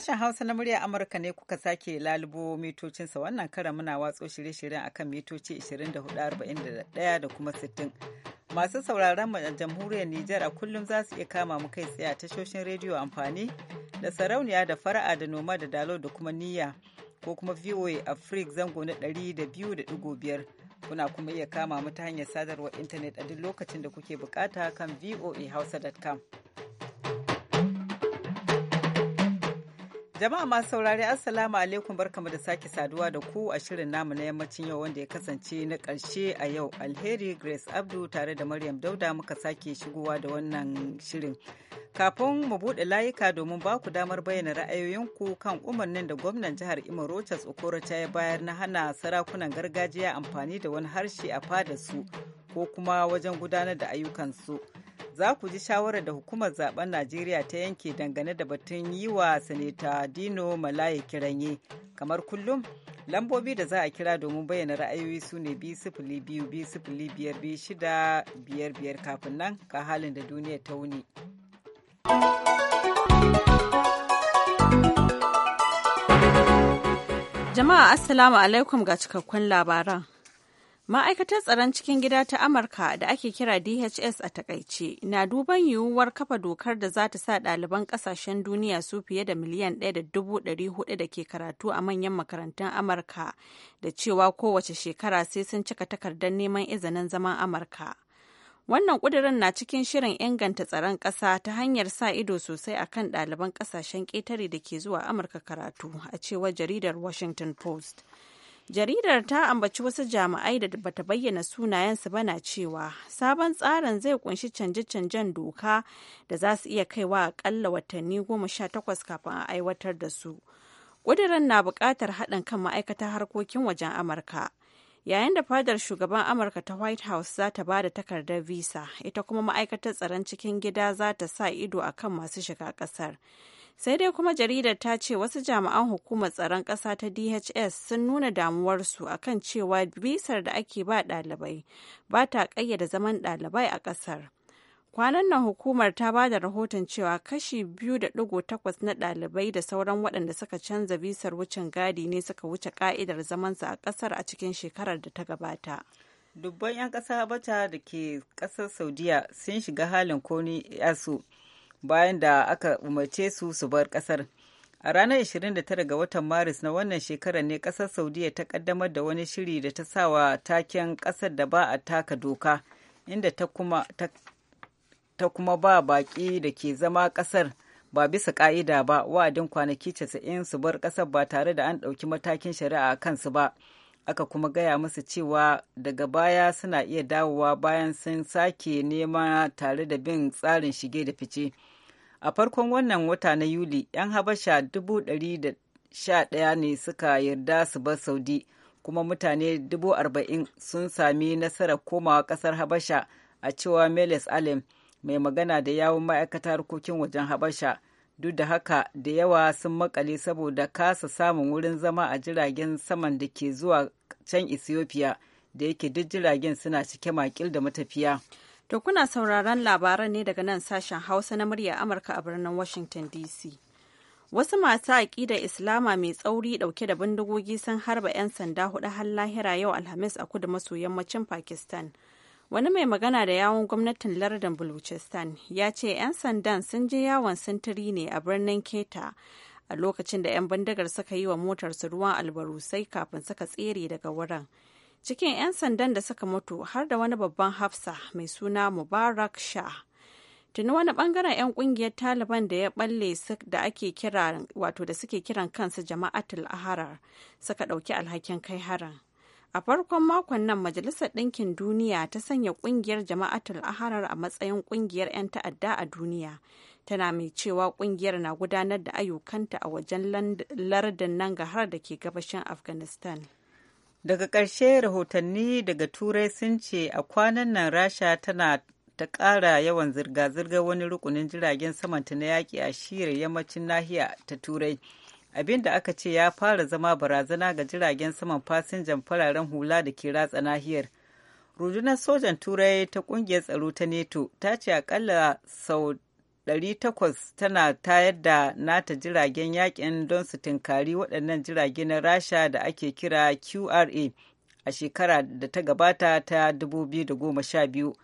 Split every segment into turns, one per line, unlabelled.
Sashen Hausa na murya Amurka ne kuka sake lalubo mitocinsa wannan karan muna watso shirye-shiryen akan mitoci 24,41 da kuma 60. Masu sauraron a jamhuriyar Nijar a kullum za su iya kama mu kai tsaye a tashoshin rediyo amfani da sarauniya da fara'a da noma da dalo da kuma niyya ko kuma VOA Africa zango na biyar kuna kuma iya kama mu ta hanyar sadarwar intanet a duk lokacin da kuke bukata kan voahausa.com. Jama'a masu saurari Assalamu alaikum barkamu da sake saduwa da ku a shirin namu na yammacin yau wanda ya kasance na ƙarshe a yau alheri Grace Abdu tare da Maryam Dauda muka sake shigowa da wannan shirin. Kafin mu buɗe layuka domin ba ku damar bayyana ra'ayoyinku kan umarnin da gwamnan jihar Imo Rochas ya bayar na hana sarakunan gargajiya amfani da wani harshe a fada su ko kuma wajen gudanar da ayyukan su. za ku ji shawarar da hukumar zaben Najeriya ta yanke dangane da batun yi wa sanita Dino Malaye kiranye. Kamar kullum, lambobi da za a kira domin bayyana ra'ayoyi su ne biyar biyar kafin nan ka halin da duniya ta wuni.
Jama'a Assalamu alaikum ga cikakkun labaran. Ma'aikatar tsaron cikin gida ta Amurka da ake kira DHS a takaice na duban yiwuwar kafa dokar da za ta sa ɗaliban ƙasashen duniya su fiye da miliyan ɗaya da dubu ɗari hudu da ke karatu a manyan makarantun Amurka da cewa kowace shekara sai sun cika takardar neman izinin zaman Amurka. Wannan ƙudurin na cikin shirin inganta tsaron ƙasa ta hanyar sa ido sosai a kan ɗaliban ƙasashen ƙetare da ke zuwa Amurka karatu a cewar jaridar Washington Post. jaridar ta ambaci wasu jami'ai da bata bayyana sunayensu ba na cewa sabon tsarin zai kunshi canje-canjen doka da za su iya kaiwa akalla watanni goma sha takwas kafin a aiwatar da su ƙudurin na buƙatar haɗin kan ma'aikatar harkokin wajen amurka yayin da fadar shugaban amurka ta white house za ta ba da takardar visa ita kuma ma'aikatar tsaron cikin gida za ta sa ido akan masu shiga ƙasar sai dai kuma jaridar ta ce wasu jami'an hukumar tsaron ƙasa ta dhs sun nuna damuwarsu akan cewa bisar da ake ba ɗalibai ba ta ƙayyada zaman ɗalibai a ƙasar kwanan nan hukumar ta ba da rahoton cewa kashi biyu da takwas na ɗalibai da sauran waɗanda suka canza bisar wucin gadi ne suka wuce ka'idar zamansa a ƙasar a cikin shekarar da ta gabata dubban 'yan ƙasa bata
da ke ƙasar saudiya sun shiga halin koni yasu bayan da aka umarce su su bar kasar a ranar 29 ga watan maris na wannan shekarar ne kasar saudiya ta kaddamar da wani shiri da ta sawa taken kasar da ba a taka doka inda ta kuma, ba baƙi da ke zama kasar ba bisa ka'ida ba wa'adin kwanaki 90 su bar kasar ba tare da an ɗauki matakin shari'a a kansu ba aka kuma gaya musu cewa daga baya suna iya dawowa bayan sun sake nema tare da bin tsarin shige da fice. a farkon wannan wata na yuli 'yan habasha 111 ne suka yarda su bar saudi kuma mutane 40,000 sun sami nasarar komawa kasar habasha a cewa meles alem mai magana da yawon ma'aikatar harkokin wajen habasha duk da haka da yawa sun makale saboda kasa samun wurin zama a jiragen saman da ke zuwa can ethiopia da yake duk jiragen suna cike makil da matafiya
To kuna sauraron labaran ne daga nan sashen Hausa na murya Amurka a birnin Washington DC. Wasu masu aƙida Islama mai tsauri ɗauke da bindigogi sun harba 'yan sanda hudu har lahira yau Alhamis a kudu maso yammacin Pakistan. Wani mai magana da yawon gwamnatin lardin Baluchistan ya ce 'yan sandan sun je yawon sintiri ne a birnin Keta a lokacin da 'yan bindigar suka yi wa motarsu ruwan albarusai kafin suka tsere daga wurin. cikin 'yan sandan da suka mutu har da wani babban hafsa mai suna mubarak shah tuni wani bangaren 'yan kungiyar taliban da ya balle da ake kira wato da suke kiran kansu jama'atul aharar suka ɗauki alhakin kai harin a farkon makon nan majalisar ɗinkin duniya ta sanya kungiyar jama'atul aharar a matsayin kungiyar 'yan ta'adda a duniya tana mai cewa kungiyar na gudanar da ayyukanta a wajen lardin nan ga har da ke gabashin afghanistan
daga ƙarshe rahotanni daga turai sun ce a kwanan nan rasha tana ta ƙara yawan zirga-zirgar wani rukunin jiragen samanta na yaƙi a shirin yammacin nahiya ta turai abin da aka ce ya fara zama barazana ga jiragen saman fasinjan fararen hula da ke ratsa nahiyar rundunar sojan turai ta ƙungiyar tsaro ta nato ta ce akalla sau 800 tana tayar da nata jiragen yakin don su tinkari waɗannan jirage na rasha da ake kira qra a shekara da ta gabata ta 2012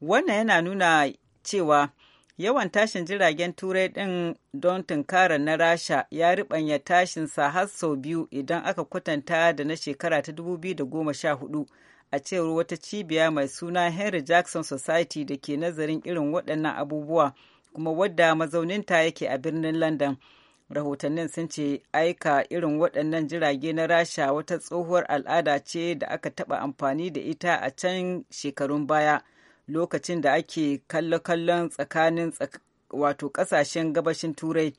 wannan yana nuna cewa yawan tashin jiragen turai ɗin don tunkara na rasha ya riɓanya tashinsa har sau biyu idan aka kwatanta da na shekara ta 2014 a cewar wata cibiya mai suna henry jackson society da ke nazarin irin waɗannan abubuwa kuma wadda mazauninta yake a birnin london rahotannin sun ce aika irin waɗannan jirage na rasha wata tsohuwar al'ada ce da aka taɓa amfani da ita a can shekarun baya lokacin da ake kallo-kallon tsakanin wato ƙasashen gabashin turai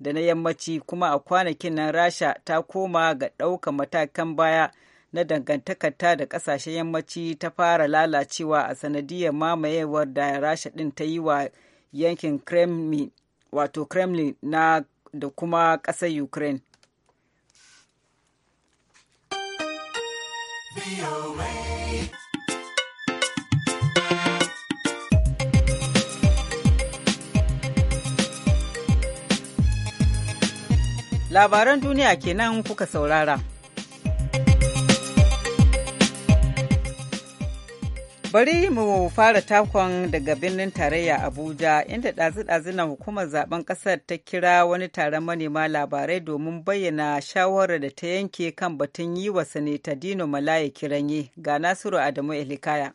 da na yammaci kuma a kwanakin nan rasha ta koma ga ɗauka matakan baya na dangantakarta da ƙasashen yammaci ta fara lalacewa a sanadiyar mamayewar da rasha ɗin ta yi wa yankin kremlin wato kremlin na da kuma ƙasar ukraine labaran duniya kenan kuka saurara Bari mu fara takon daga birnin tarayya Abuja inda ɗazu-ɗazu na hukumar zaben ƙasar ta kira wani taron manema labarai domin bayyana shawarar da ta yanke kan batun yi wa Sanita Dino Malaye kiranye ga Nasiru Adamu Elikaya.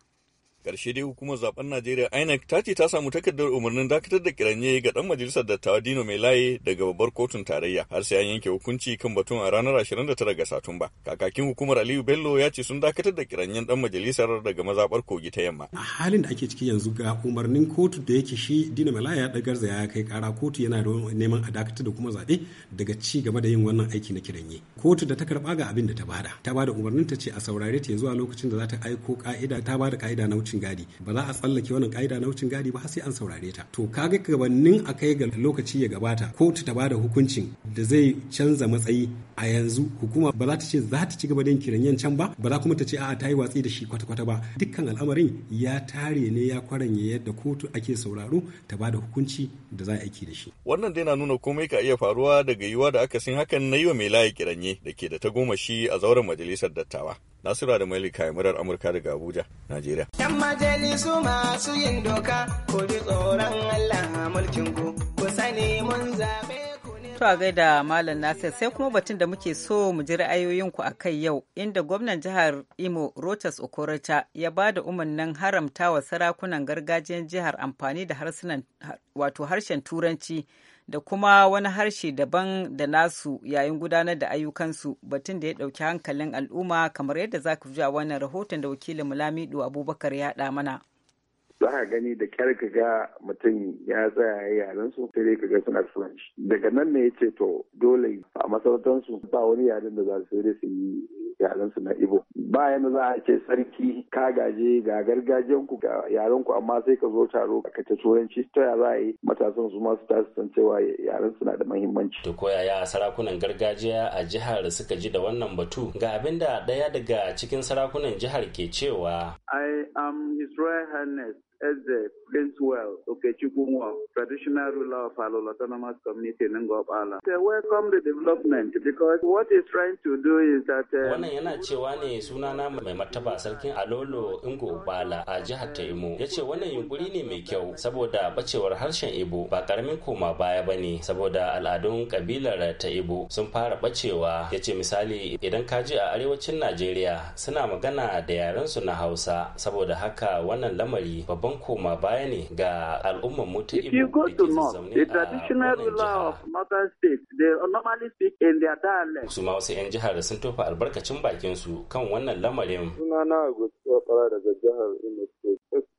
Karshe dai hukumar zaben Najeriya INEC ta ce ta samu takardar umarnin dakatar da kiranye ga dan majalisar dattawa Dino Mai Laye daga babbar kotun tarayya har sai an yanke hukunci kan batun a ranar 29 ga Satumba. Kakakin hukumar Aliyu Bello ya ce sun dakatar da kiranyen dan majalisar daga mazabar kogi ta yamma. A halin da ake ciki yanzu ga umarnin kotu da yake shi Dino Mai Laye ya dagarza ya kai kara kotu yana da neman a dakatar da kuma zaɓe daga ci gaba da yin wannan aiki na kiranye. Kotu da ta karɓa ga abin da ta bada. Ta bada umarnin ta ce a saurare ta zuwa lokacin da za ta aiko ka'ida ta bada ka'ida na wuce wucin gadi ba za a tsallake wannan ka'ida na wucin gadi ba sai an saurare ta to kaga gabanin a kai ga lokaci ya gabata kotu ta bada hukuncin da zai canza matsayi a yanzu hukuma ba za ta ce za ta ci gaba da yin kiranyen can ba ba za kuma ta ce a'a ta yi watsi da shi kwata-kwata ba dukkan al'amarin ya tare ne ya kwaranye yadda kotu ake sauraro ta ba da hukunci da za a aiki da shi wannan dai na nuna komai ka iya faruwa daga yiwuwa da aka akasin hakan na yi wa mai layi kiranye da ke da ta goma shi a zauren majalisar dattawa Nasura da Malika murar Amurka daga Abuja, Najeriya. Yan
majalisu masu yin doka, ku bi tsoron Allah mulkin ku, ku sani mun zaɓe To a gaida Malam Nasir sai kuma batun da muke so mu ji ra'ayoyinku a kai yau inda gwamnan jihar Imo Rotas Okorocha ya ba da umarnin haramta wa sarakunan gargajiyar jihar amfani da harsunan wato harshen Turanci da kuma wani harshe daban da nasu yayin gudanar da ayyukansu batun da ya ɗauki hankalin al'umma kamar yadda za ku ji a wannan rahoton da wakilin mulamidu abubakar ya ɗa mana.
za ka gani da kyar ka ga mutum ya tsaya ya yaren su sai dai ka ga suna french daga nan ne ya ce to dole a masarautar su ba wani yaren da za su sai su yi yaren su na ibo ba yana za a ce sarki ka gaje ga gargajen ku ga yaren ku amma sai ka zo taro ka ta turanci ta ya za a yi matasan su masu su tasu san cewa yaren su na da muhimmanci to
ko yaya sarakunan gargajiya a jihar suka ji da wannan batu ga abin da daya daga cikin sarakunan jihar ke cewa
I am His Royal Highness Eze Princewell Okechukwunwa, traditional ruler of Alol Autonomous Community Ngobala. They welcome the development because what he's trying to do is that. Uh, wannan
yana cewa ne suna na mai martaba sarkin Alolo Bala a jihar Taimo. Ya ce wannan yunkuri ne mai kyau saboda bacewar harshen Ibo ba karamin koma baya ba ne saboda al'adun kabilar ta Ibo sun fara bacewa. Ya ce misali idan ka je a arewacin Najeriya suna magana da yarensu na Hausa saboda haka wannan lamari babban don koma baya ne ga al'ummar mu ibu da ke zaune
a wannan jihar. Su
ma wasu 'yan jihar sun tofa albarkacin bakin su kan wannan lamarin.
suna na daga jihar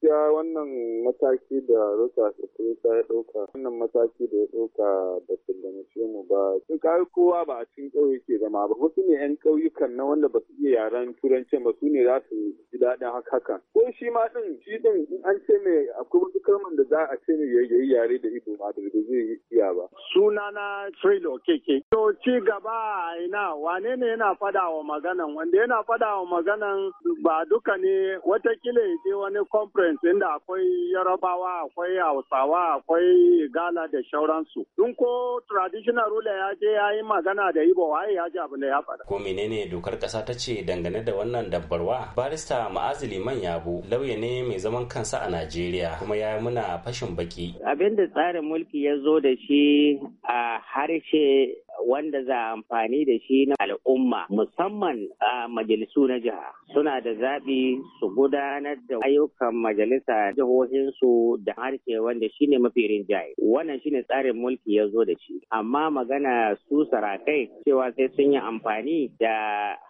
gaskiya wannan mataki da rusa sufurta ya ɗauka wannan mataki da ya ɗauka da sallamace mu ba sun kare kowa ba a cikin ƙauye ke zama ba wasu ne yan kauyukan na wanda ba su iya yaren turanci ba su ne za su ji daɗin hakan ko shi ma din shi din in an ce mai akwai wasu kalman da za a ce mai yayi yare da ido ma da zai iya ba. sunana Trilo Keke. To ci gaba a ina wane ne yana fada wa maganan wanda yana fada wa maganan ba duka ne watakila ya je wani conference Muslims da akwai Yarabawa, akwai Hausawa, akwai Gala da shauransu. Dun ko traditional ruler ya je ya yi magana da Ibo waye ya ji abu da ya faɗa. Ko menene
dokar ƙasa ta ce dangane da wannan dabbarwa? Barista Ma'azu Liman Yabo lauya ne mai zaman kansa a Najeriya kuma ya yi muna fashin baki. Abin da tsarin mulki ya zo da shi a harshe wanda za a amfani da shi na al'umma musamman a majalisu na jiha suna da zaɓi su gudanar da ayyukan majalisa jihohinsu da harshe wanda shine mafi rinjaye wannan shine tsarin mulki ya zo da shi amma magana su sarakai cewa sai sun yi amfani da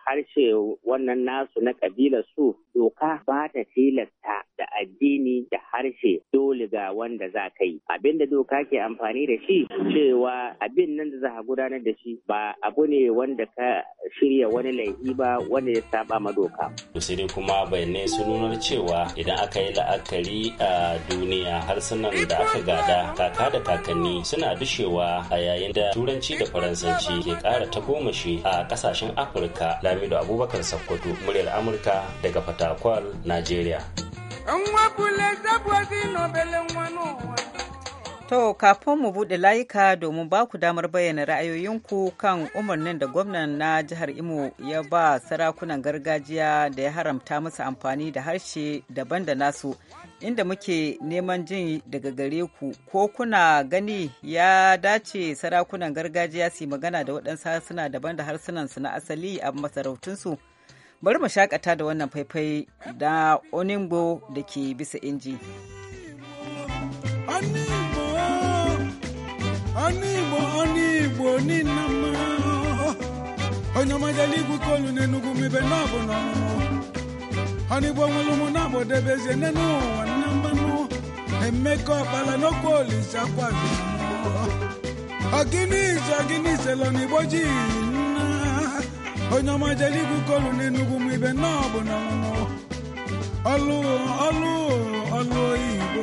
harshe wannan nasu na kabila su doka ba ta tilasta da addini da harshe dole ga wanda za ka yi abinda doka ke amfani da shi cewa abin nan da za a gudanar da shi ba abu ne wanda ka shirya wani laifi ba wanda ya saba ma doka. sai kuma bayanai sun nuna cewa idan aka yi la'akari a duniya harsunan da aka gada kaka da kakanni suna dushewa a yayin da turanci da faransanci ke kara tagomashi a kasashen afirka lamido abubakar sakkwato muryar amurka daga fatakwal najeriya. To,
kafin mu buɗe layuka domin ba ku damar bayyana ra'ayoyinku kan umarnin da gwamnan na jihar Imo ya ba sarakunan gargajiya da ya haramta musu amfani da harshe daban da nasu, inda muke neman jin daga gare ku ko kuna gani ya dace sarakunan gargajiya su yi magana da waɗansu harsuna daban da harsunansu na asali a masarautunsu. Bari mu shakata da wannan faifai da Onimbo da ke bisa
inji. onye igbo onye igbo niile mma onye ọmajala igwu kolu n'enugwu mebe n'ọbụ n'ọmụmụ onye igbo nwere ụmụ na-abụ debezie nne n'ụwa nne mmanụ emeka ọkpala n'okwu olise akwazi ọgịnizu ọgịniselo n'igbo ji nna onye ọmajala igwu kolu n'enugwu mebe n'ọbụ n'ọmụmụ ọlụ ọlụ ọlụ igbo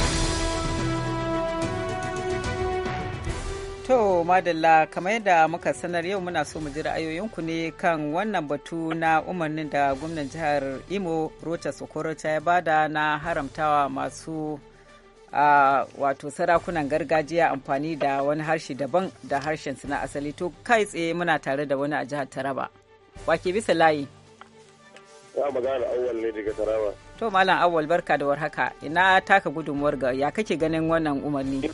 To Madalla kamar yadda muka sanar yau muna so mu ji ra'ayoyinku ne kan wannan batu na umarnin da gwamnan jihar Imo Rocha Sokorocha ya bada na haramtawa masu wato sarakunan gargajiya amfani da wani harshe daban da harshen na asali to kai tsaye muna tare da wani a jihar Taraba. Wake bisa layi.
Ya magana awal ne daga Taraba.
To Malam Awal barka da warhaka. Ina taka gudunmuwar ga ya kake ganin wannan umarni?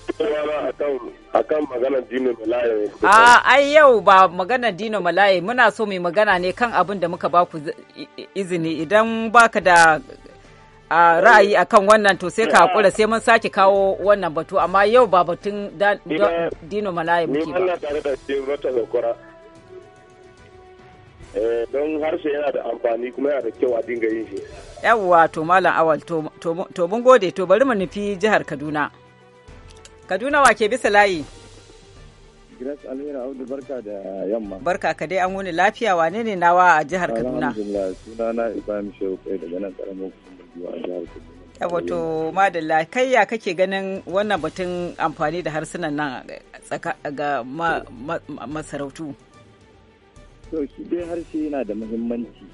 akan maganar Dino Malaye. A
ai yau ba maganar Dino Malaye muna so mai magana ne kan abin da muka baku izini idan baka da a ra'ayi akan wannan
to sai ka hakura sai mun
sake kawo wannan batu amma yau ba batun Dino Malaye muke ba.
Ni Eh, don harshe yana da amfani kuma yana da kyau a dinga yin shi
yawwa to malam awal to mun gode to bari mu nufi jihar kaduna kaduna wa ke bisa layi
Grace Alheri Audu barka da yamma.
Barka ka dai an wuni lafiya wane ne nawa a jihar Kaduna?
Alhamdulillah sunana Ibrahim Shehu kai daga nan karamin hukumar a jihar Kaduna.
Yawa to madalla kai ya kake ganin wannan batun amfani da harsunan nan ga masarautu?
to shi dai harshe yana da muhimmanci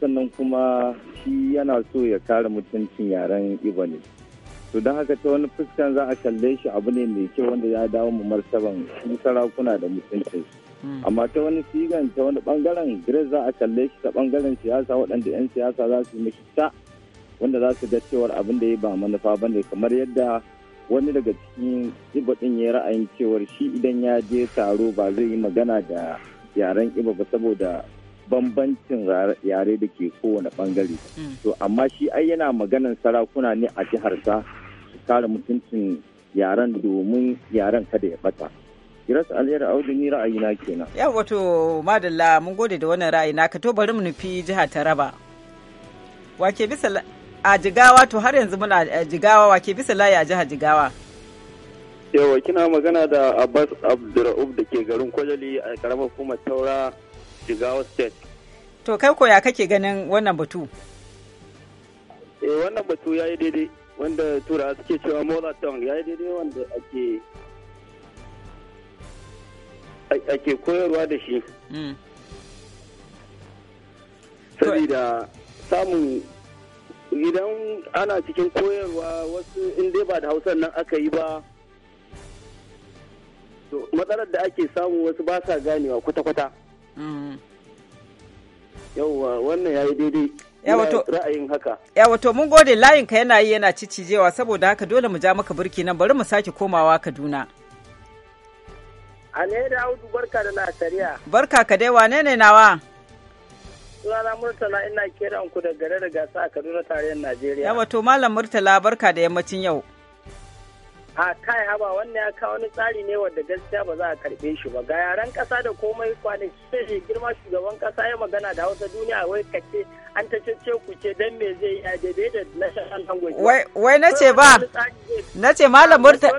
sannan kuma shi yana so ya kare mutuncin yaren ibo ne to don haka ta wani fuskan za a kalle shi abu ne mai kyau wanda ya dawo mu martaban shi sarakuna da mutunci. Hmm. amma ta wani sigan ta wani bangaren gire za a kalle shi ta bangaren siyasa waɗanda 'yan siyasa za su yi ta wanda za su ga cewar abin da ya ba manufa bane kamar yadda wani daga cikin ibo ɗin ya ra'ayin cewar shi idan ya je taro ba zai yi magana da yaren ibo ba saboda bambancin yare da ke kowane bangare hmm. to amma shi ai yana maganan sarakuna ne a jiharsa su kare mutuncin yaren domin yaren kada ya bata Giras Aliyar Audu ni ra'ayi na kenan.
Ya wato madalla mun gode da wannan ra'ayi naka to bari mu nufi jihar Taraba. Wake bisa a Jigawa to har yanzu muna eh, Jigawa wake bisa layi a jihar Jigawa.
yawa kina magana da abbas abdurraub da ke garin kwajali a karamar hukumar taura jigawa state
to kai koya kake ganin wannan batu
eh wannan batu ya yi daidai wanda tura suke cewa mola town ya yi daidai wanda ake ake koyarwa da shi
hmm. saboda samun idan ana cikin koyarwa wasu inda ba da hausar nan aka yi ba
matsalar da ake samu wasu ba sa ganewa kwata-kwata mm. yauwa wannan ya yi daidai ra'ayin haka
yawa to mun gode layinka yana yi yana cicijewa saboda haka dole mu ja maka burki nan bari mu sake komawa kaduna
alheri audu barka da lasariya
barka ka dai wane ne nawa
sunana murtala ina kiran ku da gare da sa a kaduna tarayyar najeriya yawa
to malam murtala barka da yammacin yau
a kai haba wannan ya kawo wani tsari ne wanda gaskiya ba za a karbe shi ba ga yaran kasa da komai kwanaki sai girma shugaban kasa ya magana da wata
duniya wai kace an ta cece ku ce dan me zai ya daidai da national language wai wai nace ba
nace malam murtala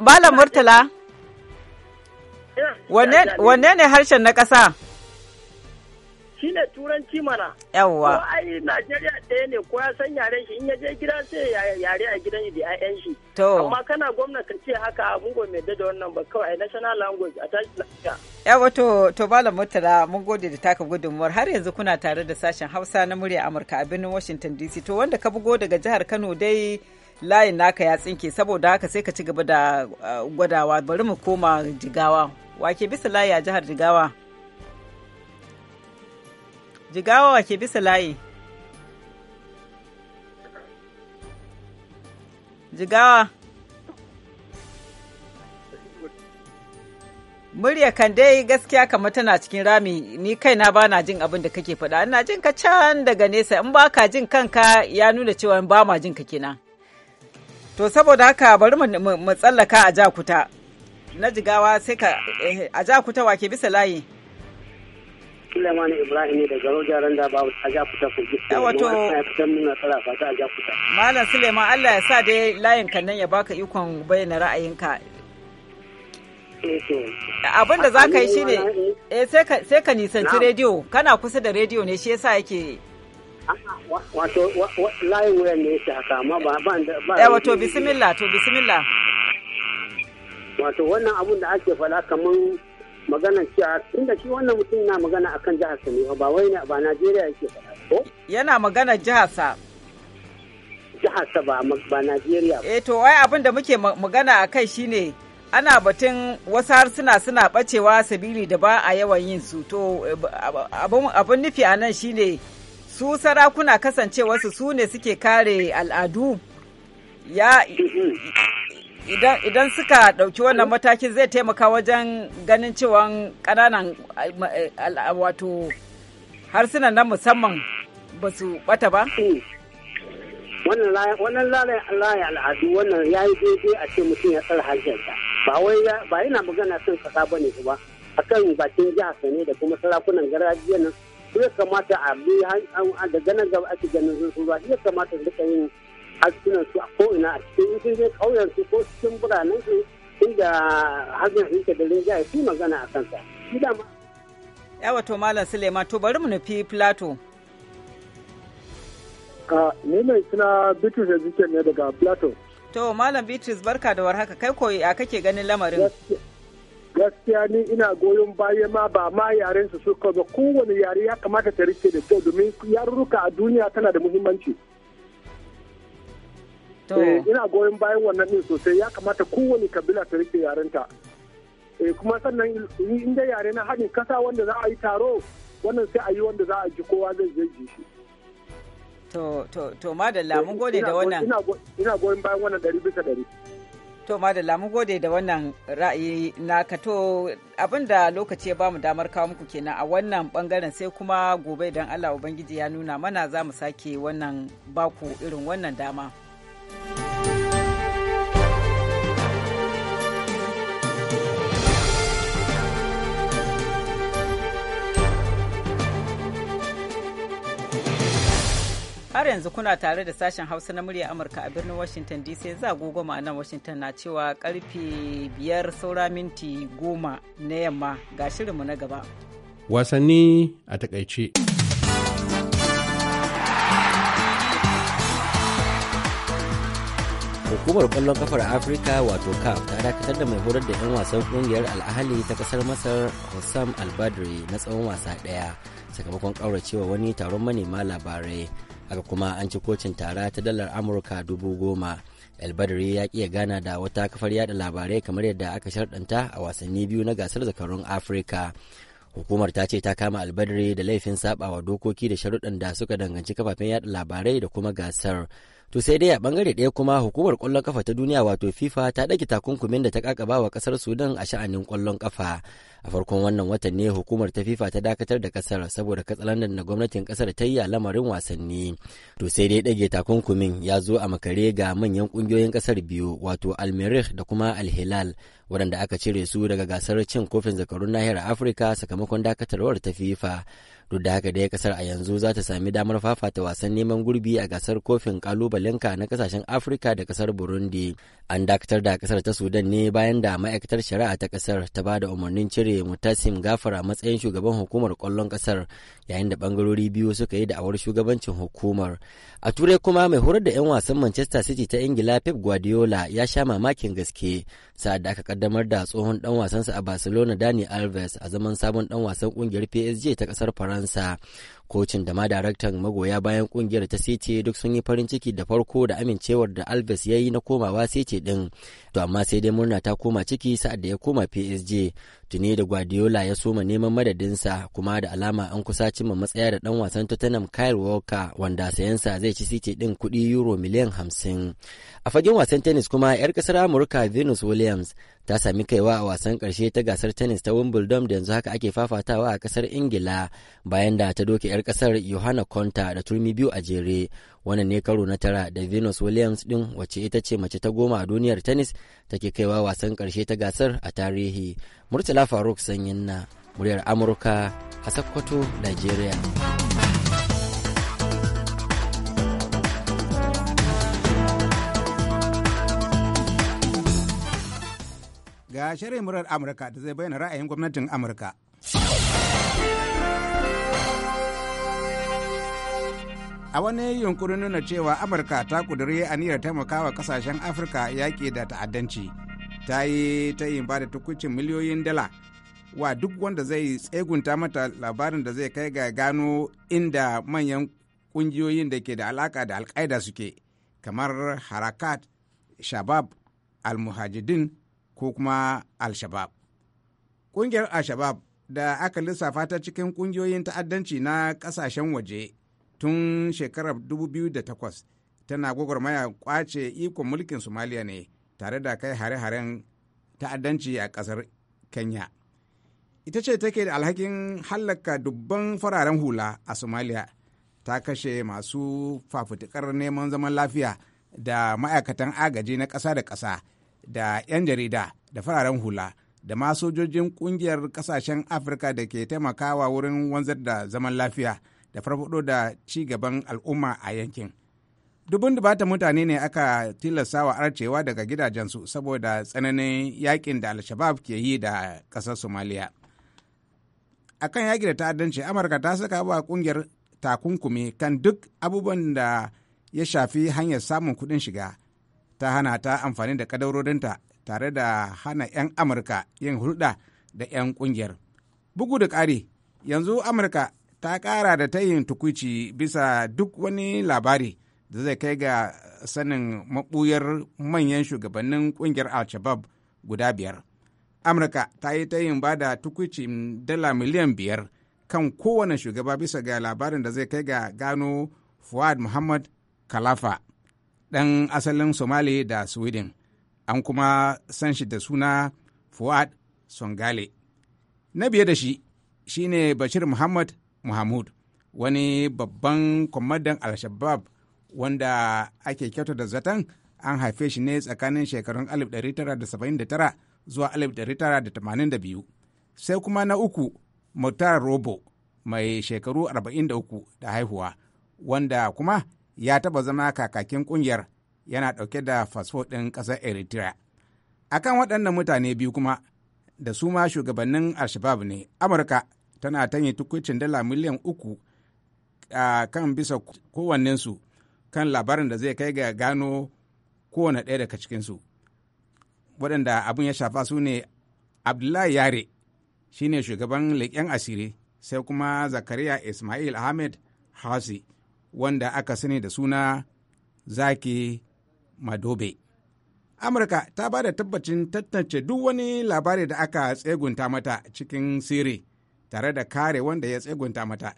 malam murtala
eh, wanne
ne harshen na kasa
shi ne turanci mana. Yawwa. Ko ai Najeriya ɗaya ne ko ya san yaren shi in ya je gida sai ya yare a gidan da ƴaƴan shi. To. Amma kana gwamna ka ce haka mun mai dada wannan ba kawai national language a tashi lafiya.
Yawwa to to Malam Murtala mun gode da taka gudunmuwar har yanzu kuna tare da sashen Hausa na murya Amurka a birnin Washington DC to wanda ka bugo daga jihar Kano dai layin naka ya tsinke saboda haka sai ka ci gaba da eh, gwadawa bari mu koma jigawa wake bisa layi a jihar jigawa. Jigawa ke bisa layi. Jigawa. Murya kan dai gaskiya kamar tana cikin rami ni kaina ba na jin abin da kake faɗa ina jin ka can daga nesa in ba ka jin kanka ya nuna cewa ba ma jin ka kenan. To saboda haka bari mu tsallaka a jakuta na jigawa sai ka eh, a jakuta wake bisa layi. Suleiman Ibrahim ne daga Rojar Randa Babu a Jakuta Kogi. Wato. Na fitan muna Malam Suleiman Allah ya sa dai layin kan nan ya baka ikon bayyana ra'ayinka. Eh, Abin da za ka yi shine eh. eh sai ka nisanci rediyo kana kusa da rediyo ne shi yasa yake
ah,
wato layin wuyan ne yake haka amma ba ba
da eh, wato bismillah to bismillah
wato wannan abun da ake fada kamar magana cewa inda shi wannan mutum yana magana akan jihar sa ne ba wai ba Najeriya yake faɗa ko
yana magana jihar sa jihar sa ba ba Najeriya eh to wai abin da muke magana akai shine ana batun wasu harsuna suna bacewa sabili da ba a yawan yin su to abin nufi a nan shine su sarakuna kasancewarsu su ne suke kare al'adu ya mm-hmm. idan suka ɗauki wannan matakin zai taimaka wajen ganin cewa ƙananan wato harsunan na musamman ba su bata ba? Eh.
Wannan lalai al'adu wannan ya yi daidai a ce mutum ya tsara harshensa. Ba wai ba yana magana sun kasa ba ne ba. A kan bakin jiha sane da kuma sarakunan gargajiya nan. Ya kamata a bi da ganin gaba ake ganin sun ba. Ya kamata su rika harsunan su a ko'ina a cikin yankin zai kauyen su ko cikin biranen su inda hajjin su da da rinjaye su magana a kansa.
Yawa to Malam Suleiman to bari mu nufi Plato.
Ka Ni mai suna Bitrus da Zikin ne daga Plato.
To Malam Bitrus barka da warhaka kai koyi a kake ganin lamarin.
gaskiya ni ina goyon baya ma ba ma yaren su suka ba kowane yare ya kamata ta rike da kyau domin yarurruka a duniya tana da muhimmanci. Eh, ina goyon bayan wannan din sosai ya kamata kowane kabila ta rike yarenta eh, kuma sannan inda yare na haɗin kasa wanda za a yi taro wannan sai a yi wanda za a ji kowa zai je ji shi
to to to madalla eh, mun gode da wannan
ina goyon bayan wannan ɗari bisa ɗari
To Madalla mun gode da wannan ra'ayi naka to abinda lokaci ya mu damar kawo muku kenan a wannan bangaren sai kuma gobe idan Allah Ubangiji ya nuna mana za mu sake wannan baku irin wannan dama. har yanzu kuna tare da sashen hausa na murya amurka a birnin washington dc za a gogo ma'anar washington na cewa karfe biyar saura minti goma na yamma ga shirinmu na gaba
wasanni a takaice
hukumar kwallon kafar afirka wato caf ta dakatar da mai horar da 'yan wasan ƙungiyar al'ahali ta kasar masar hussam albadri na tsawon wasa ɗaya, sakamakon ƙauracewa wani taron manema labarai haka kuma an ci kocin tara ta dalar amurka dubu goma albadri ya iya gana da wata kafar yada labarai kamar yadda aka sharɗanta a wasanni biyu na gasar zakarun afirka hukumar ta ce ta kama albadri da laifin sabawa dokoki da sharuɗan da suka danganci kafafen yada labarai da kuma gasar To sai dai a bangare ɗaya kuma hukumar ƙwallon ƙafa ta duniya wato FIFA ta ɗage takunkumin da ta ƙaƙaba wa ƙasar Sudan a sha'anin ƙwallon ƙafa A farkon wannan watan ne hukumar ta FIFA ta dakatar da ƙasar saboda katsalandan da gwamnatin ƙasar ta yi a lamarin wasanni. To sai dai ɗage takunkumin ya zo a makare ga manyan ƙungiyoyin ƙasar biyu wato al da kuma Al-Hilal waɗanda aka cire su daga gasar cin kofin zakarun nahiyar Afirka sakamakon dakatarwar ta FIFA. duk da haka dai kasar a yanzu za ta sami damar fafata wasan neman gurbi a gasar kofin kalubalenka na kasashen afirka da kasar burundi an dakatar da kasar ta sudan ne bayan da ma'aikatar shari'a ta kasar ta ba da umarnin cire mutasim gafar a matsayin shugaban hukumar kwallon kasar yayin da bangarori biyu suka yi da awar shugabancin hukumar a turai kuma mai horar da 'yan wasan manchester city ta ingila pep guardiola ya sha mamakin gaske sa'ad da aka kaddamar da tsohon dan wasansa a barcelona dani alves a zaman sabon dan wasan kungiyar psg ta kasar faransa kocin da ma daraktan magoya bayan kungiyar ta sece duk sun yi farin ciki da farko da amincewar da alves ya yi na komawa sece din to amma sai dai murna ta koma ciki sa'ad da ya koma psg tuni da guardiola ya soma neman madadinsa kuma da alama an kusa cimma matsaya da dan wasan tottenham kyle walker wanda sayansa zai ci sece din kudi euro miliyan hamsin a fagen wasan tennis kuma 'yar kasar amurka venus williams ta sami kaiwa a wasan karshe ta gasar tennis ta wimbledon da yanzu haka ake fafatawa a kasar ingila bayan da ta doke 'yar kasar yohana conta da turmi biyu a jere wannan ne karo na tara da venus williams din wacce ita ce mace ta goma a duniyar tennis ta ke kaiwa wasan karshe ta gasar a tarihi murtala faruk sanyin na muryar amurka a sakkwato nigeria
ga shirin murar Amurka da zai bayyana ra'ayin gwamnatin Amurka. A wani yunkurin nuna cewa Amurka ta ƙudiri aniyar taimakawa kasashen Afirka yaƙi da ta'addanci, ta yi ta yin da tukucin miliyoyin dala wa duk wanda zai tsegunta mata labarin da zai kai ga gano inda manyan ƙungiyoyin da ke da alaƙa da alƙaida suke, kamar Harakat, Shabab, Al-Muhajidin, ko kuma al-shabab ƙungiyar al-shabab da aka lissafa ta cikin ƙungiyoyin ta'addanci na ƙasashen waje tun shekarar 2008 tana gwagwarmaya kwace ikon mulkin somaliya ne tare da kai hare-haren ta'addanci a ƙasar kenya ita ce take da alhakin hallaka dubban fararen hula a somaliya ta kashe masu fafutukar neman zaman lafiya da ma'aikatan agaji na ƙasa da ƙasa da 'yan jarida da fararen hula da ma sojojin kungiyar kasashen afirka da ke taimakawa wurin wanzar da zaman lafiya da farfado da ci gaban al'umma a yankin dubun dubata mutane ne aka tilastawa arcewa daga gidajensu saboda tsananin yakin da al-shabab ke yi da ƙasar somaliya kan yaki da ta'addanci amurka ta saka wa kungiyar takunkumi kan duk abubuwan da ya shafi hanyar samun kudin shiga ta hana ta amfani da kadarorinta tare da hana 'yan amurka yin hulɗa da 'yan ƙungiyar bugu da ƙari yanzu amurka ta ƙara da tayin tukuci bisa duk wani labari da zai kai ga sanin maɓuyar manyan shugabannin ƙungiyar al-shabab guda biyar amurka ta yi tayin ba da tukuci dala miliyan biyar kan kowane shugaba bisa ga labarin da zai kai ga gano fuad muhammad kalafa ɗan asalin somali da sweden an kuma san shi da suna fuad songale na biye da shi shine bashir muhammad muhammad wani babban kwamandan alshabab wanda ake kyauta da zaton an haife shi ne tsakanin shekarun 1979 zuwa 1982 sai kuma na uku mutar robo mai shekaru 43 da haihuwa wanda kuma ya taba zama kakakin kungiyar yana ɗauke da fasfo ɗin ƙasar eritrea akan waɗannan mutane biyu kuma da su ma shugabannin alshabab ne amurka tana tanye tukucin dala miliyan uku a kan bisa kowannensu kan labarin da zai kai ga gano kowane ɗaya daga cikinsu waɗanda abin ya shafa su ne abdullahi yare shine shugaban leƙen asiri sai kuma zakariya ismail ahmed hasi wanda aka sani da suna zaki madobe amurka ta ba da tabbacin tattace duk wani labari da aka tsegunta mata cikin sirri tare da kare wanda ya tsegunta mata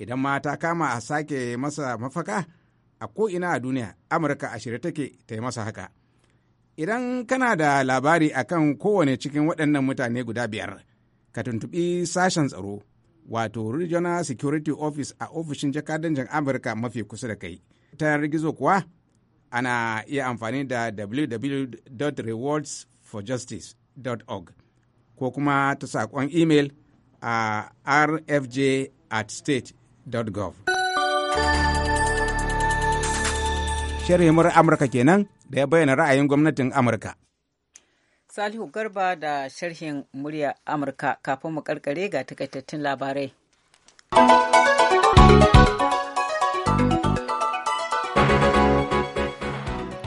idan ma ta kama a sake masa mafaka a ko'ina a duniya amurka a shirye take ta yi masa haka idan kana da labari akan kowane cikin waɗannan mutane guda biyar ka tuntuɓi sashen tsaro wato regional security office a ofishin jakadancin amurka mafi kusa da kai ta yanar gizo kuwa ana iya amfani da www.rewardsforjustice.org ko kuma ta saƙon email a rfj at state.gov sharhimar amurka kenan da ya bayyana ra'ayin gwamnatin amurka
Salihu Garba da sharhin murya Amurka kafin mu karkare ga takaitattun labarai.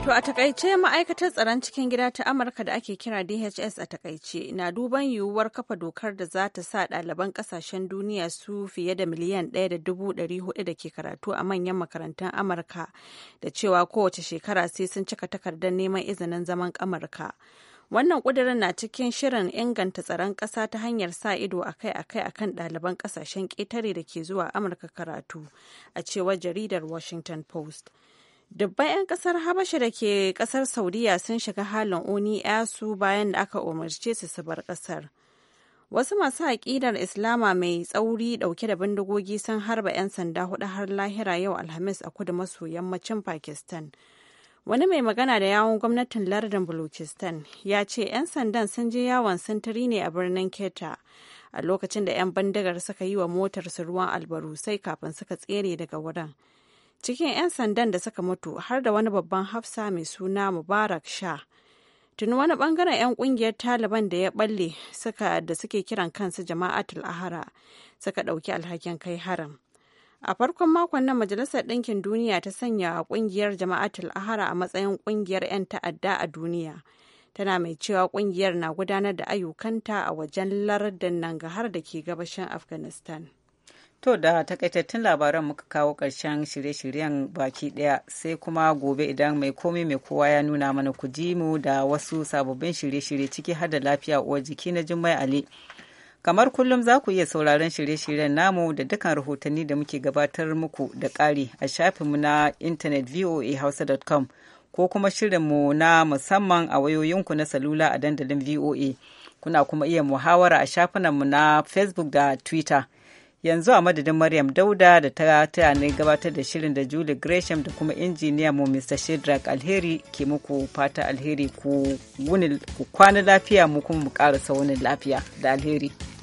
To a takaice ma'aikatar tsaron cikin gida ta Amurka da ake kira DHS a takaice na duban yiwuwar kafa dokar da za ta sa ɗaliban ƙasashen duniya su fiye da miliyan ɗaya da dubu ɗari hudu da ke karatu a manyan makarantun Amurka da cewa kowace shekara sai sun cika takardar neman izinin zaman Amurka. Wannan kudirin na cikin shirin inganta tsaron ƙasa ta hanyar sa ido akai-akai akan ɗaliban ƙasashen ƙetare da ke zuwa Amurka karatu, a cewar jaridar Washington Post. Dubban 'yan kasar Habasha da ke kasar Saudiya sun shiga halin oni su bayan da aka umarce su su bar kasar. Wasu masu aƙidar Islama mai tsauri ɗauke da bindigogi sun harba 'yan sanda hudu har lahira yau Alhamis a kudu maso yammacin Pakistan wani mai magana da yawon gwamnatin lardin Balochistan ya ce 'yan sandan sun je yawon sintiri ne a birnin keta a lokacin da 'yan bandagar suka yi wa motarsu ruwan albarusai kafin suka tsere daga wurin cikin 'yan sandan da suka mutu har da wani babban hafsa mai suna mubarak sha tuni wani bangaren 'yan kungiyar taliban da ya balle da suke kiran kansu jama'atul ahara suka ɗauki alhakin kai haram A farkon makon nan Majalisar Ɗinkin Duniya ta sanya ƙungiyar Jama'atul Ahara a matsayin ƙungiyar 'yan ta'adda a duniya. Tana mai cewa ƙungiyar na gudanar da ayyukanta a wajen lardin har da ke gabashin Afghanistan.
To da takaitattun labaran muka kawo ƙarshen shirye-shiryen baki ɗaya sai kuma gobe idan mai komai mai kowa ya nuna mana ku ji mu da wasu sababbin shirye-shirye ciki har da lafiya uwar jiki na Jummai Ali. Kamar kullum za ku iya sauraron shirye-shiryen namu da dukkan rahotanni da muke gabatar muku da ƙari a shafinmu na intanet voahausa.com ko kuma shirinmu na musamman a wayoyinku na salula a dandalin VOA. Kuna kuma iya muhawara a shafinanmu na Facebook da Twitter. yanzu a madadin maryam dauda da ta taya ne gabatar da shirin da julie gresham da kuma injiniya mu mr shedrack alheri ke muku fata alheri ku kwana lafiya mu kuma mu karasa wani lafiya da alheri